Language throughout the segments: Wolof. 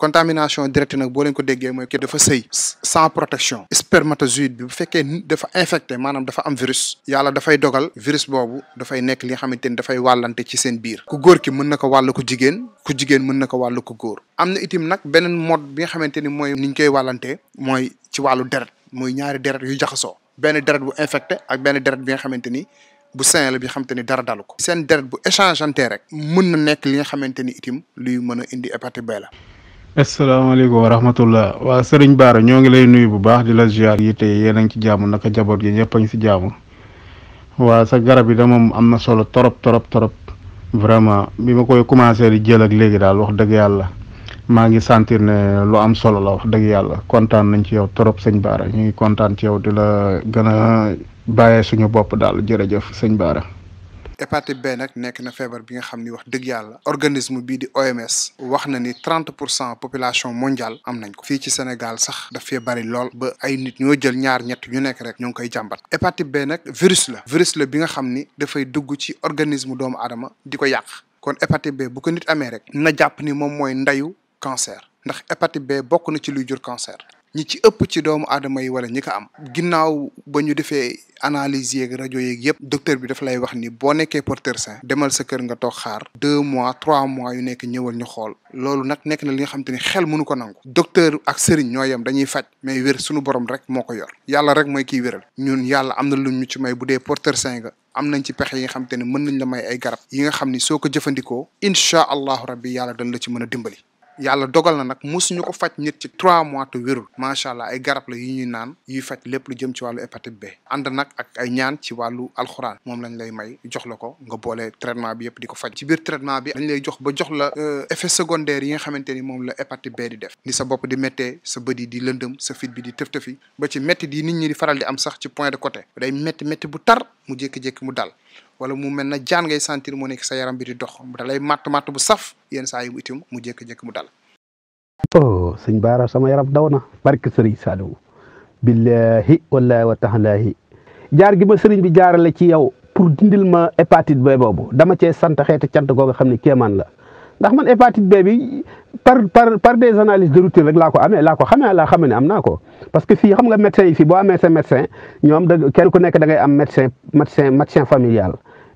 contamination directe nag boo leen ko déggee mooy ki dafa sëy sans protection spermatozoïde bi bu fekkee dafa infecté maanaam dafa am virus yàlla dafay dogal virus boobu dafay nekk li nga xamante ni dafay wàllante ci seen biir ku ki mën na ko wàll ku jigéen ku jigéen mën na ko wàll ku góor am na itim nag beneen mode bi nga xamante ni mooy ni ñu koy wàllante mooy ci wàllu deret mooy ñaari deret yu jaxasoo benn deret bu infecté ak benn deret bi nga xamante ni bu sain la bi nga xamante ni dara dalu ko seen deret bu échangeante rek mën na nekk li nga xamante ni itim luy mën a indi hépatite B la asalaamaaleykum wa rahmatullah waa sëriñ Baara ñoo ngi lay nuyu bu baax di la ziar yi tey yéen a ngi ci jàmm naka jaboot yi ñëpp a ngi si jàmm waa sa garab yi da moom am na solo torop torop torop vraiment bi ma koy commencé di jël ak léegi daal wax dëgg yàlla maa ngi sentir ne lu am solo la wax dëgg yàlla kontaan nañ ci yow torop sëñ Baara ñu ngi kontaan ci yow di la gën a bàyyee suñu bopp daal jërëjëf sëñ Baara. hépatite B nag nekk na feebar bi nga xam ni wax dëgg yàlla organisme bii di OMS wax na ni trente pour cent population mondiale am nañ ko fii ci Sénégal sax daf fee bari lool ba ay nit ñoo jël ñaar ñett ñu nekk rek ñoo ngi koy jàmbat hépatite B nag virus la virus la bi nga xam ni dafay dugg ci organisme doomu aadama di ko yàq kon hépatite B bu ko nit amee rek na jàpp ni moom mooy ndayu cancer ndax hépatite B bokk na ci luy jur cancer ñi ci ëpp ci doomu aadama yi wala ñi ko am ginnaaw ba ñu defee analyse yeeg rajo yeeg yëpp docteur bi dafa lay wax ni boo nekkee porteur sain demal sa kër nga toog xaar deux mois trois mois yu nekk ñëwal ñu xool loolu nag nekk na li nga xam te ni xel mënu ko nangu docteur ak sëriñ ñoo yem dañuy faj mais wér sunu borom rek moo ko yor yàlla rek mooy kiy wéral ñun yàlla am na lu ñu ci may bu dee porteur sain nga am nañ ci pexe yi nga xam te ne mën nañ la may ay garab yi nga xam ni soo ko jëfandikoo incha allahu rabbi yàlla dañ la ci mën a dimbali yàlla dogal na nag mosuñu ko faj nit ci trois mois te wérul macha allah ay garab la yu ñuy naan yuy faj lépp lu jëm ci wàllu hépatite B ànd nag ak ay ñaan ci wàllu alxuraan moom lañ lay may jox la ko nga boole traitement bi yëpp di ko faj ci biir traitement bi dañ lay jox ba jox la euh, effet secondaire yi nga xamante ni moom la hépatite B di def ni sa bopp di méttee sa bët yi di lëndëm sa fit bi di tëf tëfi ba ci métti di nit ñi di faral di am sax ci point de côté day métti métti bu tar mu jékki-jékki mu dal wala mu mel na jaan ngay sentir mu nekk sa yaram bi di dox da lay matt matt bu saf yenn saa yi mu itam mu jékki-jékki mu dal. sañ oh, sëñ Baara sama yaram daw na barke sëriñ Saliou billahi wallahi wa taalahi jaar gi ma sëriñ bi jaarale ci yow pour dindil ma hépatite B boobu dama cee sant xeetu cant goo nga xam ne kéemaan la ndax man hépatite B bi par par par des analyses de routine rek laa ko amee laa ko xamee laa xamee ne am naa ko parce que fii xam nga médecin yi fii sa médecin ñoom da kenn ku nekk da ngay am médecin médecin médecin familial.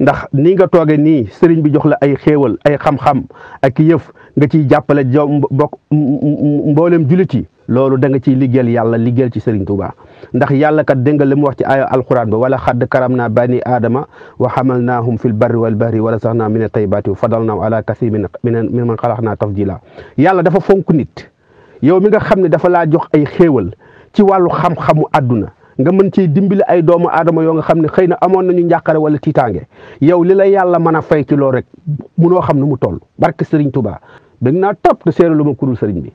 ndax ni nga toogee nii sëriñ bi jox la ay xéewal ay xam-xam ak yëf nga ciy jàppale jo bokk mboolem juli ci loolu da nga ciy liggéeyal yàlla liggéeyal ci sëriñ Tuuba ndax yàlla kat dégg nga mu wax ci ay alquran ba wala xadd karam naa bani aadama wa xamal naahum fi l barri wal bahri wala sax naa min a taybaati wa fadal naam ala kasi min min man xalax naa tafdila yàlla dafa fonk nit yow mi nga xam ne dafa la jox ay xéewal ci wàllu xam-xamu àdduna nga mën cee dimbali ay doomu aadama yoo nga xam ne xëy na amoon nañu njàqare wala tiitaange yow li la yàlla mën a fay ci loolu rek munoo xam nu mu toll barke Serigne Touba bëgg naa topp te lu ma kurul Serigne bi.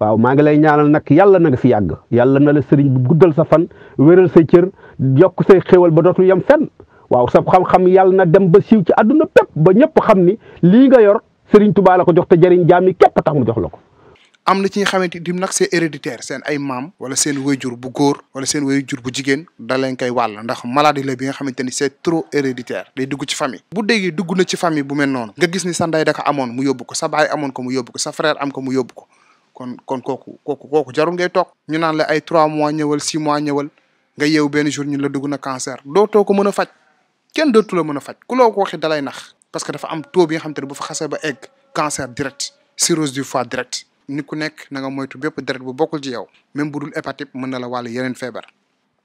waaw maa ngi lay ñaanal nag yàlla na nga fi yàgg yàlla na la sëriñ bi guddal sa fan wéral say cër yokk say xéwal ba dootul yem fenn waaw sa xam-xam yàlla na dem ba siiw ci àdduna bépp ba ñëpp xam ni lii nga yor sëriñ Tuubaa la ko jox te jariñ jaam yi képp tax mu jox la ko am na ci nga xamante ni nag c'est héréditaire seen ay maam wala seen wayjur bu góor wala seen wayjur bu jigéen da leen koy wàll ndax maladie la bi nga xamante ni c'est trop héréditaire day dugg ci famille bu déggee dugg na ci famille bu mel noonu nga gis ni sa ndey da ko amoon mu yóbbu ko sa amoon ko mu yóbbu ko sa frère am ko mu yóbbu ko kon kon kooku kooku kooku jarul ngay toog ñu naan la ay trois mois ñëwal six mois ñëwal nga yeew benn jour ñu la dugg na cancer dootoo ko mën a kenn dootu la mën a faj ku dalay nax parce que dafa am taux bi nga xamante ne bu fa xasee ba egg cancer direct cirrhose du foie nit ku nekk na nga moytu bépp deret bu bokkul ci yow même bu dul hépatite mën na la wàll yeneen feebar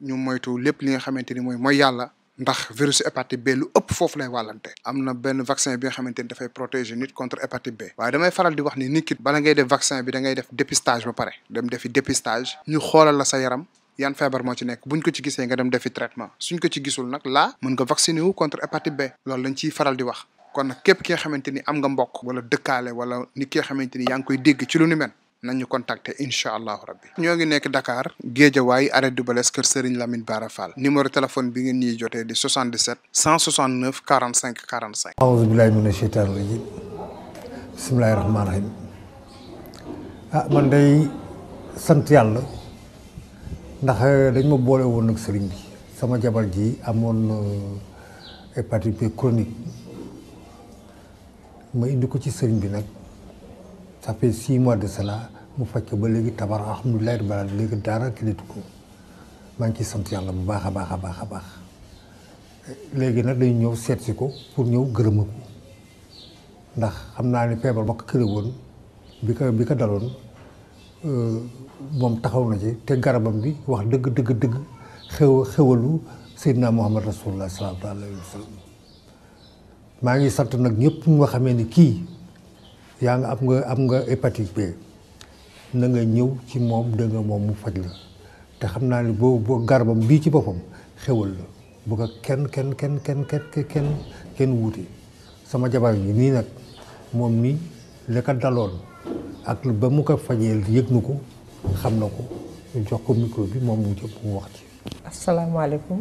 ñu moytu lépp li nga xamante ni mooy mooy yàlla ndax virus hépatite B lu ëpp foofu lay wàllante am na benn vaccin bi nga xamante ni dafay protéger nit contre hépatite B waaye damay faral di wax ni nit ki bala ngay def vaccin bi da ngay def dépistage ba pare dem defi dépistage ñu xoolal la sa yaram yan feebar moo ci nekk buñ ko ci gisee nga dem defi traitement suñ ko ci gisul nag laa mën nga vacciner wu contre hépatite B loolu lañ ciy faral di wax kon nag képp ki nga xamante ni am nga mbokk wala dëkkaale wala ni ki nga xamante ni yaa ngi koy dégg ci lu ni mel nañ ñu contacter incha allahu rabbi ñoo ngi nekk Dakar Géejawaay arrêt du Balès kër la Lamine Bara Fall numéro téléphone bi ngeen ñuy jotee di 77 169 45 45 aouzu billahi mina sheytaani rajim bismillahi rahmaani rahim ah man day sant yàlla ndax eh, dañ ma boole woon nag sëriñ bi sama jabar ji amoon eh, hépatite chronique ma indi ko ci sëriñ bi nag ça fait six mois de cela mu faj ko ba léegi tabar alhamdulilah balaa léegi dara kilitu ko maa ngi sant yàlla bu baax a baax a baax a baax léegi nag dañu ñëw seet si ko pour ñëw gërëma ko ndax xam naa ni feebar ba ko këre bi ko bi ko daloon euh, moom taxaw na ci te garabam bi wax dëgg dëgg dëgg xew xewalu Seydina Muhammad Rasulullah sallallahu alayhi wa sallam ma ngi sant nag ñëpp nga xamé ni ki ya nga am nga am nga hépatite B na nga ñew ci mom de nga mom mu faj la te xamna ni bo bo garbam bi ci bopam xewal la bu ko kenn kenn kenn kenn kenn kenn kenn wuti sama jabar ni ni nak mom nii le ka daloon ak ba mu ko fajee yegnuko xamnako ñu jox ko micro bi mom mu wax ci alaykum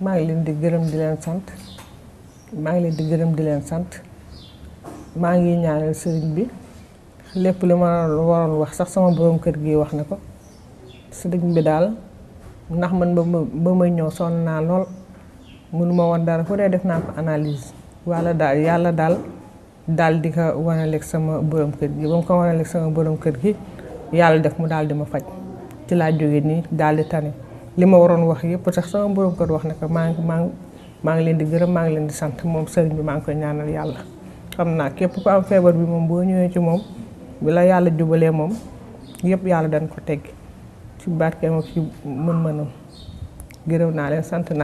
ma ngi leen di gëreem di leen sante maa ngi leen di gërëm di leen sant maa ngi ñaanal sëriñ bi lépp li ma waroon wax sax sama borom kër gi wax na ko sëriñ bi daal ndax man ba ma ba may ñëw sonn naa lool mënuma woon dara fu dee def naa ko analyse walla daal yàlla daal daal di ko wanaleeg sama borom kër gi ba ko wanaleeg sama borom kër gi yàlla def mu daal di ma faj ci laa jóge nii daal di tane li ma waroon wax yépp sax sama borom kër wax na ko maa maa maa ngi leen di gërëm maa ngi leen di sant moom sëriñ bi maa ngi koy ñaanal yàlla xam naa képp ku am feebar bi moom boo ñëwee ci moom bi la yàlla jubalee moom yëpp yàlla dañ ko teg ci barkeem ak ci mën-mënam gërëm naa leen sant naa